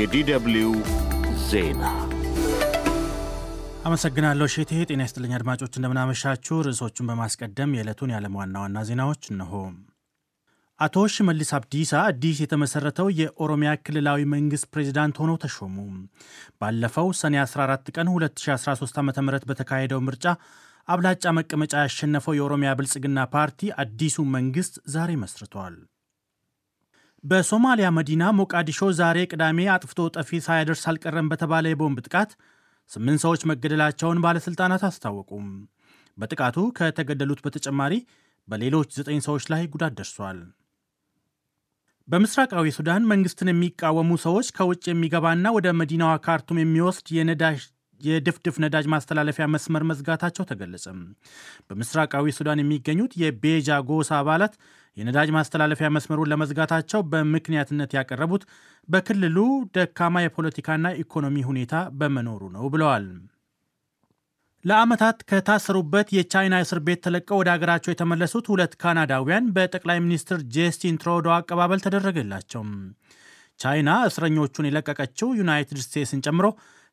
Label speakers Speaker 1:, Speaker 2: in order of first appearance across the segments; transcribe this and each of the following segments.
Speaker 1: የዲደብሊው ዜና አመሰግናለሁ ሼቴ። ጤና ይስጥልኝ አድማጮች፣ እንደምናመሻችሁ። ርዕሶቹን በማስቀደም የዕለቱን የዓለም ዋና ዋና ዜናዎች እነሆ። አቶ ሽመልስ አብዲሳ አዲስ የተመሰረተው የኦሮሚያ ክልላዊ መንግስት ፕሬዚዳንት ሆነው ተሾሙ። ባለፈው ሰኔ 14 ቀን 2013 ዓ ም በተካሄደው ምርጫ አብላጫ መቀመጫ ያሸነፈው የኦሮሚያ ብልጽግና ፓርቲ አዲሱ መንግስት ዛሬ መስርቷል። በሶማሊያ መዲና ሞቃዲሾ ዛሬ ቅዳሜ አጥፍቶ ጠፊ ሳያደርስ አልቀረም በተባለ የቦምብ ጥቃት ስምንት ሰዎች መገደላቸውን ባለሥልጣናት አስታወቁም። በጥቃቱ ከተገደሉት በተጨማሪ በሌሎች ዘጠኝ ሰዎች ላይ ጉዳት ደርሷል። በምስራቃዊ ሱዳን መንግስትን የሚቃወሙ ሰዎች ከውጭ የሚገባና ወደ መዲናዋ ካርቱም የሚወስድ የነዳጅ የድፍድፍ ነዳጅ ማስተላለፊያ መስመር መዝጋታቸው ተገለጸ። በምስራቃዊ ሱዳን የሚገኙት የቤጃ ጎሳ አባላት የነዳጅ ማስተላለፊያ መስመሩን ለመዝጋታቸው በምክንያትነት ያቀረቡት በክልሉ ደካማ የፖለቲካና ኢኮኖሚ ሁኔታ በመኖሩ ነው ብለዋል። ለዓመታት ከታሰሩበት የቻይና እስር ቤት ተለቀው ወደ አገራቸው የተመለሱት ሁለት ካናዳውያን በጠቅላይ ሚኒስትር ጄስቲን ትሮዶ አቀባበል ተደረገላቸው። ቻይና እስረኞቹን የለቀቀችው ዩናይትድ ስቴትስን ጨምሮ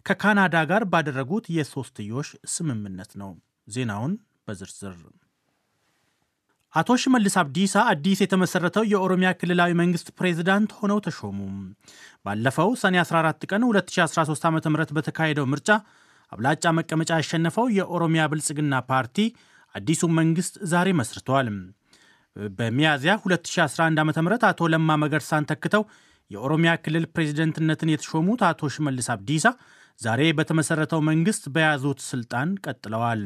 Speaker 1: ከካናዳ ጋር ባደረጉት የሶስትዮሽ ስምምነት ነው። ዜናውን በዝርዝር አቶ ሽመልስ አብዲሳ አዲስ የተመሰረተው የኦሮሚያ ክልላዊ መንግስት ፕሬዝዳንት ሆነው ተሾሙ። ባለፈው ሰኔ 14 ቀን 2013 ዓ ም በተካሄደው ምርጫ አብላጫ መቀመጫ ያሸነፈው የኦሮሚያ ብልጽግና ፓርቲ አዲሱን መንግስት ዛሬ መስርቷል። በሚያዝያ 2011 ዓ ም አቶ ለማ መገርሳን ተክተው የኦሮሚያ ክልል ፕሬዚደንትነትን የተሾሙት አቶ ሽመልስ አብዲሳ ዛሬ በተመሰረተው መንግስት በያዙት ስልጣን ቀጥለዋል።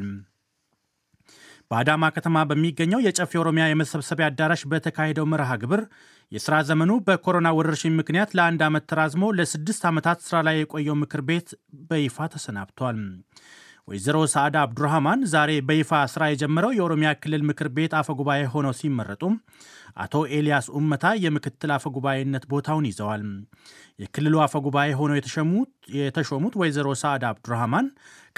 Speaker 1: በአዳማ ከተማ በሚገኘው የጨፌ ኦሮሚያ የመሰብሰቢያ አዳራሽ በተካሄደው መርሃ ግብር የሥራ ዘመኑ በኮሮና ወረርሽኝ ምክንያት ለአንድ ዓመት ተራዝሞ ለስድስት ዓመታት ሥራ ላይ የቆየው ምክር ቤት በይፋ ተሰናብቷል። ወይዘሮ ሳዕዳ አብዱራህማን ዛሬ በይፋ ስራ የጀመረው የኦሮሚያ ክልል ምክር ቤት አፈጉባኤ ሆነው ሲመረጡ አቶ ኤልያስ ኡመታ የምክትል አፈጉባኤነት ቦታውን ይዘዋል። የክልሉ አፈ ጉባኤ ሆነው የተሾሙት ወይዘሮ ሳዕዳ አብዱራህማን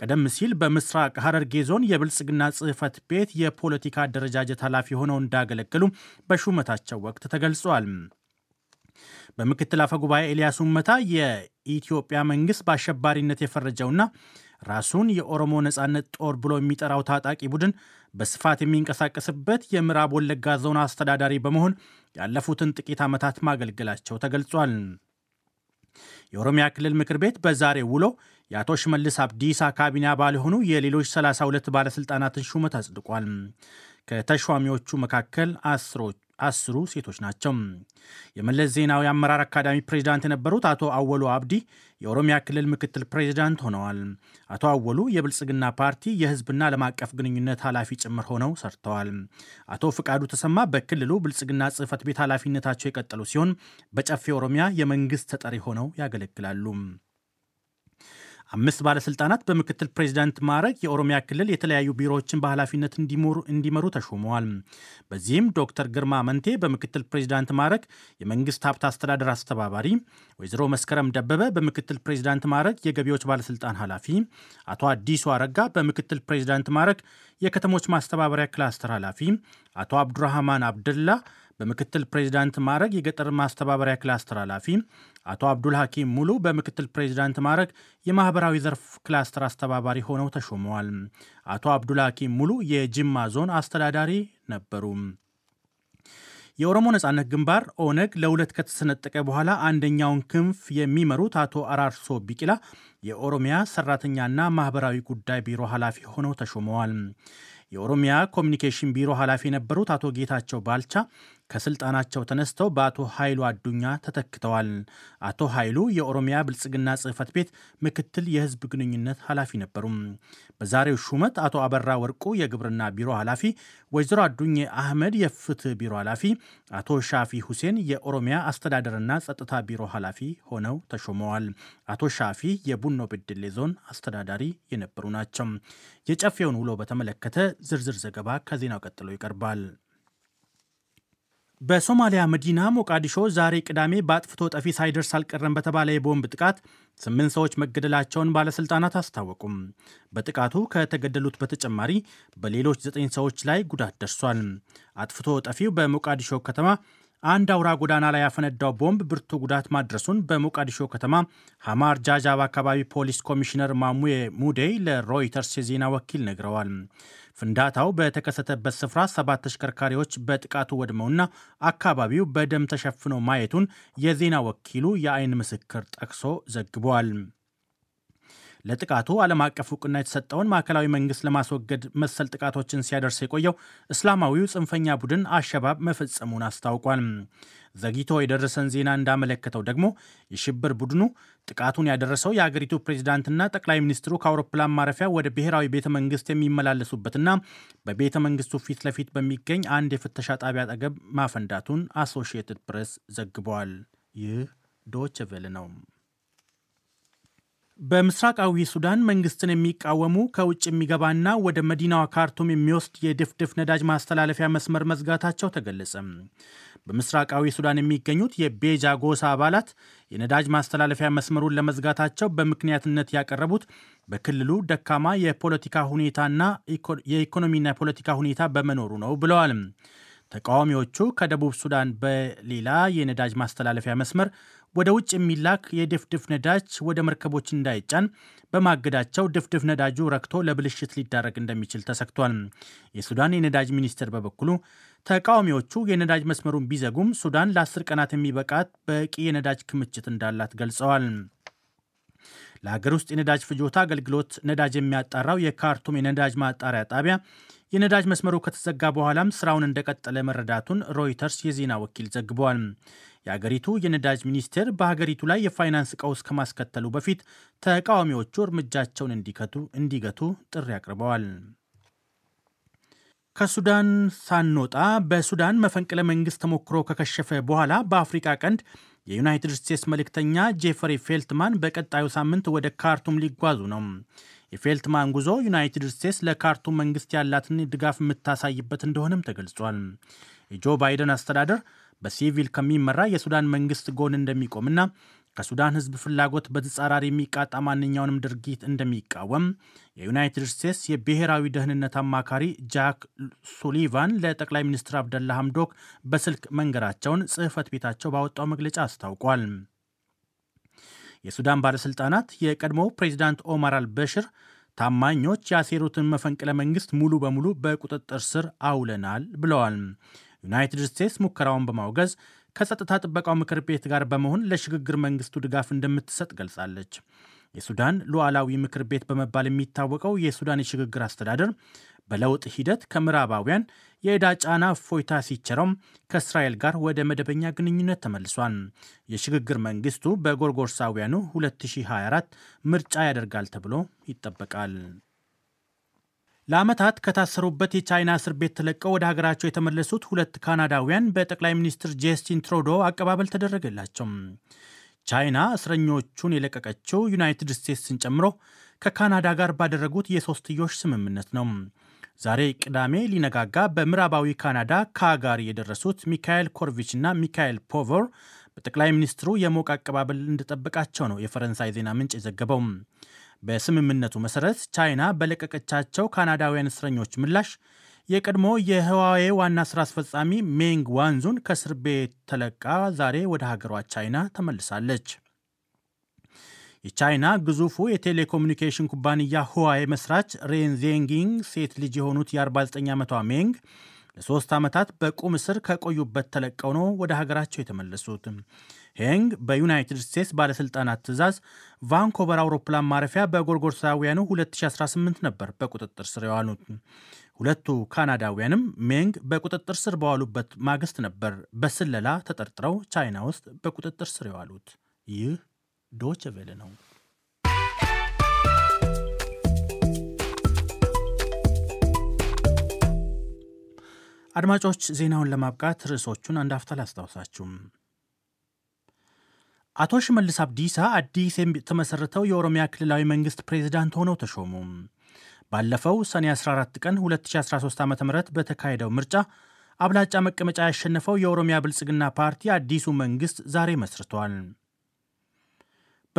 Speaker 1: ቀደም ሲል በምስራቅ ሀረርጌ ዞን የብልጽግና ጽህፈት ቤት የፖለቲካ አደረጃጀት ኃላፊ ሆነው እንዳገለገሉ በሹመታቸው ወቅት ተገልጿል። በምክትል ጉባኤ ኤልያስ ኡመታ የኢትዮጵያ መንግስት በአሸባሪነት የፈረጀውና ራሱን የኦሮሞ ነጻነት ጦር ብሎ የሚጠራው ታጣቂ ቡድን በስፋት የሚንቀሳቀስበት የምዕራብ ወለጋ ዞን አስተዳዳሪ በመሆን ያለፉትን ጥቂት ዓመታት ማገልገላቸው ተገልጿል። የኦሮሚያ ክልል ምክር ቤት በዛሬው ውሎ የአቶ ሽመልስ አብዲሳ ካቢኔ አባል የሆኑ የሌሎች 32 ባለሥልጣናትን ሹመት አጽድቋል። ከተሿሚዎቹ መካከል አስሮች አስሩ ሴቶች ናቸው። የመለስ ዜናዊ አመራር አካዳሚ ፕሬዚዳንት የነበሩት አቶ አወሉ አብዲ የኦሮሚያ ክልል ምክትል ፕሬዚዳንት ሆነዋል። አቶ አወሉ የብልጽግና ፓርቲ የህዝብና ዓለም አቀፍ ግንኙነት ኃላፊ ጭምር ሆነው ሰርተዋል። አቶ ፍቃዱ ተሰማ በክልሉ ብልጽግና ጽህፈት ቤት ኃላፊነታቸው የቀጠሉ ሲሆን በጨፌ ኦሮሚያ የመንግስት ተጠሪ ሆነው ያገለግላሉ። አምስት ባለስልጣናት በምክትል ፕሬዚዳንት ማዕረግ የኦሮሚያ ክልል የተለያዩ ቢሮዎችን በኃላፊነት እንዲመሩ ተሾመዋል። በዚህም ዶክተር ግርማ መንቴ በምክትል ፕሬዚዳንት ማዕረግ የመንግስት ሀብት አስተዳደር አስተባባሪ፣ ወይዘሮ መስከረም ደበበ በምክትል ፕሬዚዳንት ማዕረግ የገቢዎች ባለስልጣን ኃላፊ፣ አቶ አዲሱ አረጋ በምክትል ፕሬዚዳንት ማዕረግ የከተሞች ማስተባበሪያ ክላስተር ኃላፊ፣ አቶ አብዱራህማን አብደላ በምክትል ፕሬዚዳንት ማዕረግ የገጠር ማስተባበሪያ ክላስተር ኃላፊ፣ አቶ አብዱል ሐኪም ሙሉ በምክትል ፕሬዚዳንት ማዕረግ የማህበራዊ ዘርፍ ክላስተር አስተባባሪ ሆነው ተሾመዋል። አቶ አብዱል ሐኪም ሙሉ የጅማ ዞን አስተዳዳሪ ነበሩ። የኦሮሞ ነጻነት ግንባር ኦነግ ለሁለት ከተሰነጠቀ በኋላ አንደኛውን ክንፍ የሚመሩት አቶ አራርሶ ቢቂላ የኦሮሚያ ሰራተኛና ማህበራዊ ጉዳይ ቢሮ ኃላፊ ሆነው ተሾመዋል። የኦሮሚያ ኮሚኒኬሽን ቢሮ ኃላፊ የነበሩት አቶ ጌታቸው ባልቻ ከስልጣናቸው ተነስተው በአቶ ኃይሉ አዱኛ ተተክተዋል። አቶ ኃይሉ የኦሮሚያ ብልጽግና ጽህፈት ቤት ምክትል የህዝብ ግንኙነት ኃላፊ ነበሩም። በዛሬው ሹመት አቶ አበራ ወርቁ የግብርና ቢሮ ኃላፊ፣ ወይዘሮ አዱኜ አህመድ የፍትህ ቢሮ ኃላፊ፣ አቶ ሻፊ ሁሴን የኦሮሚያ አስተዳደርና ጸጥታ ቢሮ ኃላፊ ሆነው ተሾመዋል። አቶ ሻፊ የቡኖ ብድሌ ዞን አስተዳዳሪ የነበሩ ናቸው። የጨፌውን ውሎ በተመለከተ ዝርዝር ዘገባ ከዜናው ቀጥሎ ይቀርባል። በሶማሊያ መዲና ሞቃዲሾ ዛሬ ቅዳሜ በአጥፍቶ ጠፊ ሳይደርስ አልቀረም በተባለ የቦምብ ጥቃት ስምንት ሰዎች መገደላቸውን ባለስልጣናት አስታወቁም። በጥቃቱ ከተገደሉት በተጨማሪ በሌሎች ዘጠኝ ሰዎች ላይ ጉዳት ደርሷል። አጥፍቶ ጠፊው በሞቃዲሾ ከተማ አንድ አውራ ጎዳና ላይ ያፈነዳው ቦምብ ብርቱ ጉዳት ማድረሱን በሞቃዲሾ ከተማ ሐማር ጃጃብ አካባቢ ፖሊስ ኮሚሽነር ማሙዬ ሙዴይ ለሮይተርስ የዜና ወኪል ነግረዋል። ፍንዳታው በተከሰተበት ስፍራ ሰባት ተሽከርካሪዎች በጥቃቱ ወድመውና አካባቢው በደም ተሸፍኖ ማየቱን የዜና ወኪሉ የአይን ምስክር ጠቅሶ ዘግቧል። ለጥቃቱ ዓለም አቀፍ እውቅና የተሰጠውን ማዕከላዊ መንግስት ለማስወገድ መሰል ጥቃቶችን ሲያደርስ የቆየው እስላማዊው ጽንፈኛ ቡድን አሸባብ መፈጸሙን አስታውቋል። ዘግይቶ የደረሰን ዜና እንዳመለከተው ደግሞ የሽብር ቡድኑ ጥቃቱን ያደረሰው የአገሪቱ ፕሬዚዳንትና ጠቅላይ ሚኒስትሩ ከአውሮፕላን ማረፊያ ወደ ብሔራዊ ቤተ መንግስት የሚመላለሱበትና በቤተ መንግስቱ ፊት ለፊት በሚገኝ አንድ የፍተሻ ጣቢያ አጠገብ ማፈንዳቱን አሶሺየትድ ፕሬስ ዘግበዋል። ይህ ዶችቬል ነው። በምስራቃዊ ሱዳን መንግስትን የሚቃወሙ ከውጭ የሚገባና ወደ መዲናዋ ካርቱም የሚወስድ የድፍድፍ ነዳጅ ማስተላለፊያ መስመር መዝጋታቸው ተገለጸ። በምስራቃዊ ሱዳን የሚገኙት የቤጃ ጎሳ አባላት የነዳጅ ማስተላለፊያ መስመሩን ለመዝጋታቸው በምክንያትነት ያቀረቡት በክልሉ ደካማ የፖለቲካ ሁኔታና የኢኮኖሚና የፖለቲካ ሁኔታ በመኖሩ ነው ብለዋል። ተቃዋሚዎቹ ከደቡብ ሱዳን በሌላ የነዳጅ ማስተላለፊያ መስመር ወደ ውጭ የሚላክ የድፍድፍ ነዳጅ ወደ መርከቦች እንዳይጫን በማገዳቸው ድፍድፍ ነዳጁ ረክቶ ለብልሽት ሊዳረግ እንደሚችል ተሰግቷል። የሱዳን የነዳጅ ሚኒስቴር በበኩሉ ተቃዋሚዎቹ የነዳጅ መስመሩን ቢዘጉም ሱዳን ለአስር ቀናት የሚበቃት በቂ የነዳጅ ክምችት እንዳላት ገልጸዋል። ለሀገር ውስጥ የነዳጅ ፍጆታ አገልግሎት ነዳጅ የሚያጣራው የካርቱም የነዳጅ ማጣሪያ ጣቢያ የነዳጅ መስመሩ ከተዘጋ በኋላም ስራውን እንደቀጠለ መረዳቱን ሮይተርስ የዜና ወኪል ዘግቧል። የአገሪቱ የነዳጅ ሚኒስቴር በሀገሪቱ ላይ የፋይናንስ ቀውስ ከማስከተሉ በፊት ተቃዋሚዎቹ እርምጃቸውን እንዲገቱ ጥሪ አቅርበዋል። ከሱዳን ሳንወጣ በሱዳን መፈንቅለ መንግስት ተሞክሮ ከከሸፈ በኋላ በአፍሪቃ ቀንድ የዩናይትድ ስቴትስ መልእክተኛ ጄፈሪ ፌልትማን በቀጣዩ ሳምንት ወደ ካርቱም ሊጓዙ ነው። የፌልትማን ጉዞ ዩናይትድ ስቴትስ ለካርቱም መንግስት ያላትን ድጋፍ የምታሳይበት እንደሆነም ተገልጿል። የጆ ባይደን አስተዳደር በሲቪል ከሚመራ የሱዳን መንግስት ጎን እንደሚቆምና ከሱዳን ህዝብ ፍላጎት በተጻራሪ የሚቃጣ ማንኛውንም ድርጊት እንደሚቃወም የዩናይትድ ስቴትስ የብሔራዊ ደህንነት አማካሪ ጃክ ሱሊቫን ለጠቅላይ ሚኒስትር አብደላ ሐምዶክ በስልክ መንገራቸውን ጽሕፈት ቤታቸው ባወጣው መግለጫ አስታውቋል። የሱዳን ባለሥልጣናት የቀድሞው ፕሬዚዳንት ኦማር አልበሽር ታማኞች ያሴሩትን መፈንቅለ መንግሥት ሙሉ በሙሉ በቁጥጥር ስር አውለናል ብለዋል። ዩናይትድ ስቴትስ ሙከራውን በማውገዝ ከጸጥታ ጥበቃው ምክር ቤት ጋር በመሆን ለሽግግር መንግስቱ ድጋፍ እንደምትሰጥ ገልጻለች። የሱዳን ሉዓላዊ ምክር ቤት በመባል የሚታወቀው የሱዳን የሽግግር አስተዳደር በለውጥ ሂደት ከምዕራባውያን የዕዳ ጫና እፎይታ ሲቸረውም ከእስራኤል ጋር ወደ መደበኛ ግንኙነት ተመልሷል። የሽግግር መንግስቱ በጎርጎርሳውያኑ 2024 ምርጫ ያደርጋል ተብሎ ይጠበቃል። ለዓመታት ከታሰሩበት የቻይና እስር ቤት ተለቀው ወደ ሀገራቸው የተመለሱት ሁለት ካናዳውያን በጠቅላይ ሚኒስትር ጄስቲን ትሮዶ አቀባበል ተደረገላቸው። ቻይና እስረኞቹን የለቀቀችው ዩናይትድ ስቴትስን ጨምሮ ከካናዳ ጋር ባደረጉት የሶስትዮሽ ስምምነት ነው። ዛሬ ቅዳሜ ሊነጋጋ በምዕራባዊ ካናዳ ካጋሪ የደረሱት ሚካኤል ኮርቪች እና ሚካኤል ፖቨር በጠቅላይ ሚኒስትሩ የሞቀ አቀባበል እንደጠበቃቸው ነው የፈረንሳይ ዜና ምንጭ የዘገበው። በስምምነቱ መሰረት ቻይና በለቀቀቻቸው ካናዳውያን እስረኞች ምላሽ የቀድሞ የህዋዌ ዋና ስራ አስፈጻሚ ሜንግ ዋንዙን ከእስር ቤት ተለቃ ዛሬ ወደ ሀገሯ ቻይና ተመልሳለች። የቻይና ግዙፉ የቴሌኮሙኒኬሽን ኩባንያ ህዋዌ መስራች ሬንዜንጊንግ ሴት ልጅ የሆኑት የ49 ዓመቷ ሜንግ ለሶስት ዓመታት በቁም እስር ከቆዩበት ተለቀው ነው ወደ ሀገራቸው የተመለሱት። ሄንግ በዩናይትድ ስቴትስ ባለሥልጣናት ትዕዛዝ ቫንኮቨር አውሮፕላን ማረፊያ በጎርጎርሳውያኑ 2018 ነበር በቁጥጥር ስር የዋሉት። ሁለቱ ካናዳውያንም ሜንግ በቁጥጥር ስር በዋሉበት ማግስት ነበር በስለላ ተጠርጥረው ቻይና ውስጥ በቁጥጥር ስር የዋሉት። ይህ ዶች ቬለ ነው። አድማጮች ዜናውን ለማብቃት ርዕሶቹን አንድ አፍታ ላስታውሳችሁም። አቶ ሽመልስ አብዲሳ አዲስ የተመሠረተው የኦሮሚያ ክልላዊ መንግስት ፕሬዚዳንት ሆነው ተሾሙ። ባለፈው ሰኔ 14 ቀን 2013 ዓ ም በተካሄደው ምርጫ አብላጫ መቀመጫ ያሸነፈው የኦሮሚያ ብልጽግና ፓርቲ አዲሱ መንግስት ዛሬ መስርቷል።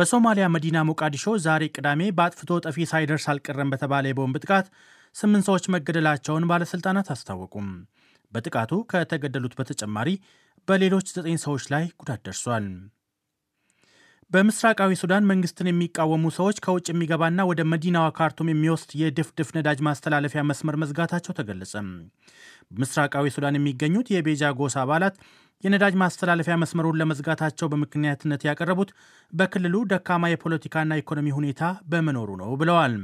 Speaker 1: በሶማሊያ መዲና ሞቃዲሾ ዛሬ ቅዳሜ በአጥፍቶ ጠፊ ሳይደርስ አልቀረም በተባለ የቦምብ ጥቃት ስምንት ሰዎች መገደላቸውን ባለሥልጣናት አስታወቁም። በጥቃቱ ከተገደሉት በተጨማሪ በሌሎች ዘጠኝ ሰዎች ላይ ጉዳት ደርሷል። በምስራቃዊ ሱዳን መንግስትን የሚቃወሙ ሰዎች ከውጭ የሚገባና ወደ መዲናዋ ካርቱም የሚወስድ የድፍድፍ ነዳጅ ማስተላለፊያ መስመር መዝጋታቸው ተገለጸ። በምስራቃዊ ሱዳን የሚገኙት የቤጃ ጎሳ አባላት የነዳጅ ማስተላለፊያ መስመሩን ለመዝጋታቸው በምክንያትነት ያቀረቡት በክልሉ ደካማ የፖለቲካና ኢኮኖሚ ሁኔታ በመኖሩ ነው ብለዋል።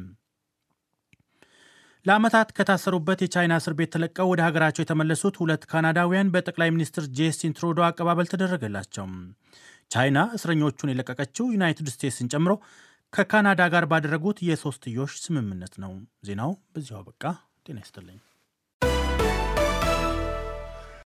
Speaker 1: ለዓመታት ከታሰሩበት የቻይና እስር ቤት ተለቀው ወደ ሀገራቸው የተመለሱት ሁለት ካናዳውያን በጠቅላይ ሚኒስትር ጄስቲን ትሮዶ አቀባበል ተደረገላቸው። ቻይና እስረኞቹን የለቀቀችው ዩናይትድ ስቴትስን ጨምሮ ከካናዳ ጋር ባደረጉት የሶስትዮሽ ስምምነት ነው። ዜናው በዚሁ አበቃ። ጤና ይስጥልኝ።